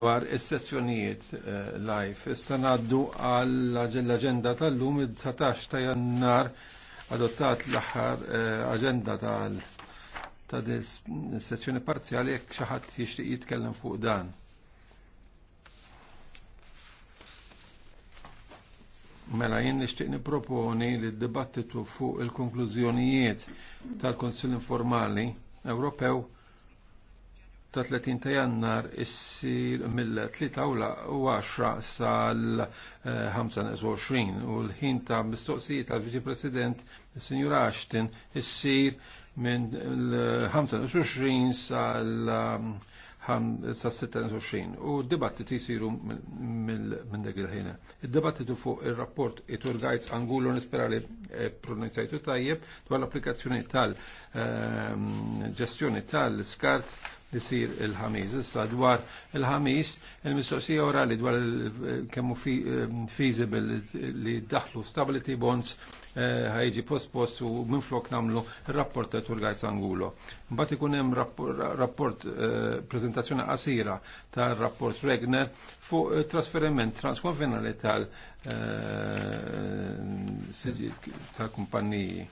dwar is-sessjonijiet eh, live. Issa ngħaddu għall-aġenda tal-lum id-19 ta' jannar adottat l-aħħar eh, aġenda tal ta' sessjoni parzjali jekk xi ħadd jixtieq jitkellem fuq dan. Mela jien nixtieq nipproponi li d-dibattitu fuq il-konklużjonijiet tal-Konsil Informali Ewropew ta' 30 ta' jannar issir mill-3 u 10 sal-25 eh, u l-ħin ta' mistoqsijiet tal viċi President il-Sinjur Ashton issir minn l-25 sal-26 u d-dibattiti jisiru minn dak il-ħina. Id-dibattitu fuq il-rapport Angulu Angulo nisperali eh, pronunzajtu tajjeb dwar l-applikazzjoni tal-ġestjoni eh, tal-skart li sir il-ħamis. Issa dwar il-ħamis, il-mistoqsija li dwar kemmu feasible li daħlu stability bonds eh, ħajġi post-post u minflok namlu il-rapport ta' Turgaj Sangulo. Mbati ikun hemm rapport eh, prezentazzjoni qasira tar-rapport Regner fuq eh, trasferiment transkonvenali tal tal-kumpanniji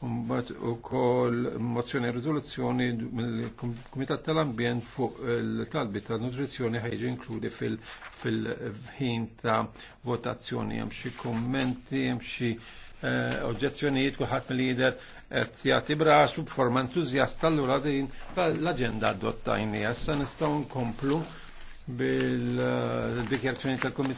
u ukoll mozzjoni riżoluzzjoni mill-Kumitat tal-Ambjent fuq il-talbi tal nutrizzjoni ħajġi inkludi fil-ħin ta' votazzjoni hemm xi kummenti, hemm xi eh, oġġezzjonijiet kulħadd mill-lider qed jagħti brasu b'forma entużjasta allura din l-aġenda adottajni. Issa nistgħu nkomplu bil-dikjazzjoni eh, tal komitat